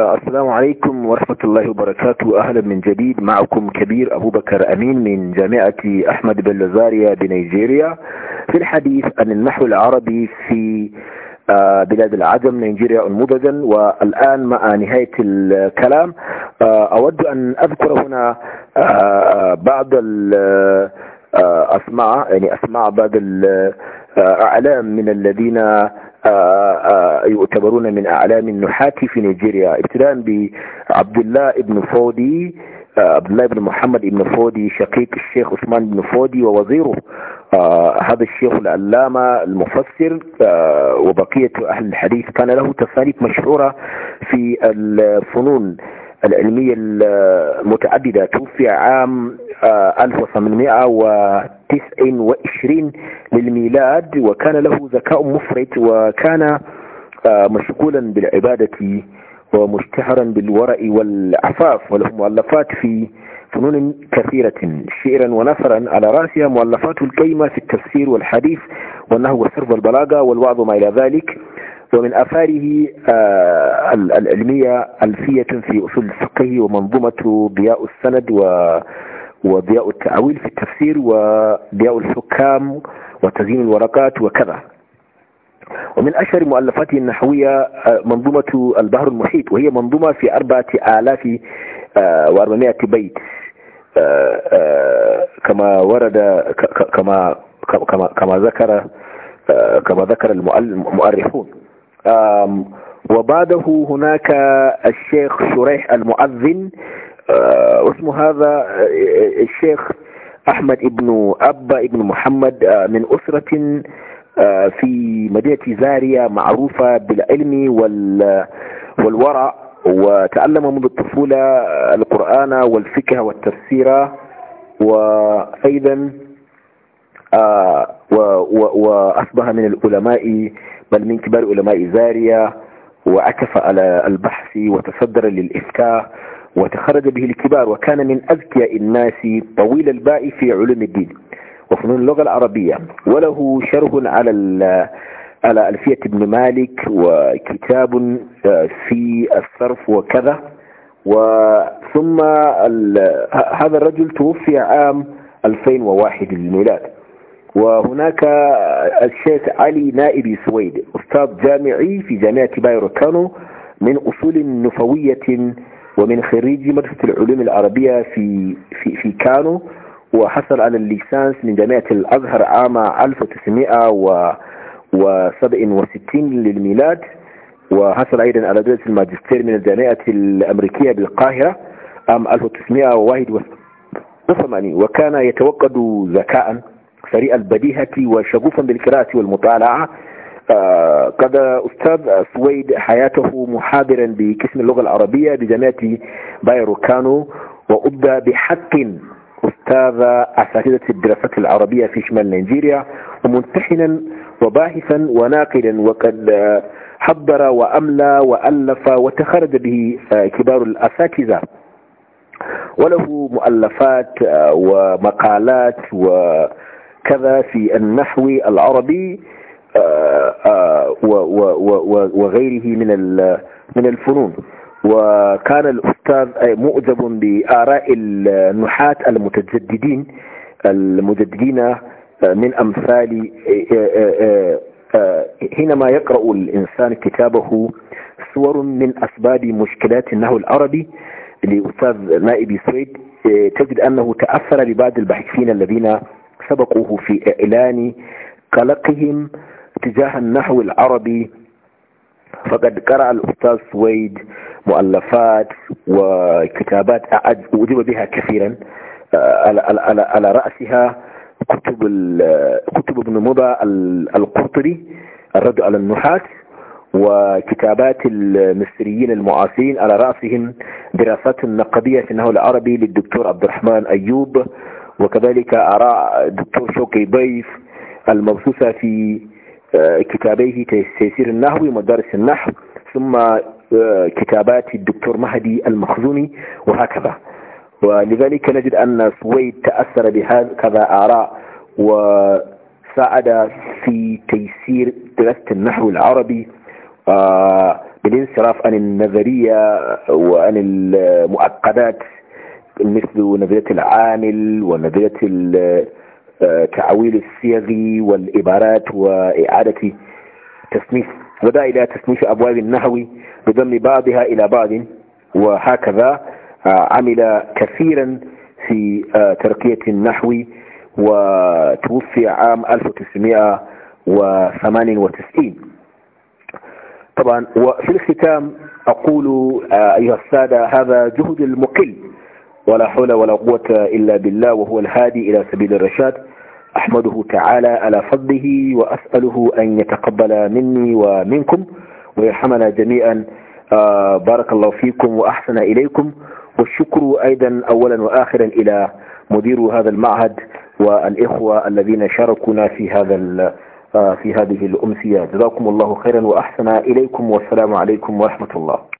آه، السلام عليكم ورحمة الله وبركاته أهلا من جديد معكم كبير أبو بكر أمين من جامعة أحمد بن لزاريا بنيجيريا في الحديث عن النحو العربي في آه، بلاد العجم نيجيريا أنموذجا والآن مع نهاية الكلام آه، أود أن أذكر هنا بعض أسماء يعني أسماء بعض الأعلام من الذين آه، آه، يعتبرون من أعلام النحاة في نيجيريا ابتداء بعبد الله بن فودي آه، عبد الله بن محمد بن فودي شقيق الشيخ عثمان بن فودي ووزيره هذا الشيخ العلامة المفسر وبقية أهل الحديث كان له تصانيف مشهورة في الفنون العلمية المتعددة توفي عام 1829 آه، للميلاد وكان له ذكاء مفرط وكان آه، مشغولا بالعبادة ومشتهرا بالورع والعفاف وله مؤلفات في فنون كثيرة شعرا ونثرا على رأسها مؤلفات الكيمة في التفسير والحديث والنهو والصرف والبلاغة والوعظ وما إلى ذلك ومن آثاره آه، العلمية ألفية في أصول الفقه ومنظومة ضياء السند و وضياء التعويل في التفسير وضياء الحكام وتزيين الورقات وكذا ومن أشهر مؤلفاته النحوية آه، منظومة البحر المحيط وهي منظومة في أربعة آلاف آه، وأربعمائة بيت كما ورد كما كما كما ذكر كما ذكر المؤرخون وبعده هناك الشيخ شريح المؤذن آه، اسم هذا آه، الشيخ أحمد ابن أبا ابن محمد آه، من أسرة في مدينة زارية معروفة بالعلم والورع وتعلم منذ الطفولة القرآن والفقه والتفسير وأيضا وأصبح من العلماء بل من كبار علماء زاريا وأكف على البحث وتصدر للإفتاء وتخرج به الكبار وكان من أذكياء الناس طويل الباء في علوم الدين وفنون اللغة العربية وله شرح على على ألفية ابن مالك وكتاب آه، في الصرف وكذا وثم هذا الرجل توفي عام 2001 للميلاد وهناك الشيخ علي نائبي سويد أستاذ جامعي في جامعة بايرو كانو من أصول نفوية ومن خريج مدرسة العلوم العربية في, في, في كانو وحصل على الليسانس من جامعة الأزهر عام 1967 للميلاد وحصل أيضا على درجة الماجستير من الجامعة الأمريكية بالقاهرة عام 1981 وكان يتوقد ذكاء سريع البديهة وشغوفا بالقراءة والمطالعة آه، قد أستاذ سويد حياته محاضرا بقسم اللغة العربية بجامعة بايرو كانو وأبدى بحق أستاذ أساتذة الدراسات العربية في شمال نيجيريا ومنتحنا وباحثا وناقلا وقد حضر وأملى وألف وتخرج به آه، كبار الأساتذة وله مؤلفات آه، ومقالات و كذا في النحو العربي آه، آه، وغيره من من الفنون وكان الأستاذ آه، مؤدب بآراء النحاة المتجددين المجددين من أمثال حينما يقرأ الإنسان كتابه صور من أسباب مشكلات النحو العربي لأستاذ نائب سويد تجد أنه تأثر ببعض الباحثين الذين سبقوه في إعلان قلقهم تجاه النحو العربي فقد قرأ الأستاذ سويد مؤلفات وكتابات أعجب بها كثيرا آه، على رأسها كتب كتب ابن مضى القرطري الرد على النحاة وكتابات المصريين المعاصرين على رأسهم دراسات نقدية في النحو العربي للدكتور عبد الرحمن أيوب وكذلك أراء دكتور شوقي ضيف المبثوثة في آه، كتابيه تيسير النحو ومدارس النحو ثم آه، كتابات الدكتور مهدي المخزوني وهكذا ولذلك نجد أن سويد تأثر بهكذا آراء وساعد في تيسير دراسة النحو العربي آه، بالانصراف عن النظرية وعن المعقدات مثل نظرية العامل ونظرية آه، تعويل السياغ والإبارات وإعادة تصنيف ودا إلى تصنيف أبواب النحو بضم بعضها إلى بعض وهكذا آه، عمل كثيرا في آه، ترقية النحو وتوفي عام 1998 طبعا وفي الختام أقول أيها السادة هذا جهد المقل ولا حول ولا قوة إلا بالله وهو الهادي إلى سبيل الرشاد أحمده تعالى على فضله وأسأله أن يتقبل مني ومنكم ويرحمنا جميعا آه، بارك الله فيكم وأحسن إليكم والشكر أيضا أولا وآخرا إلى مدير هذا المعهد والإخوة الذين شاركونا في هذا آه، في هذه الأمسية جزاكم الله خيرا وأحسن إليكم والسلام عليكم ورحمة الله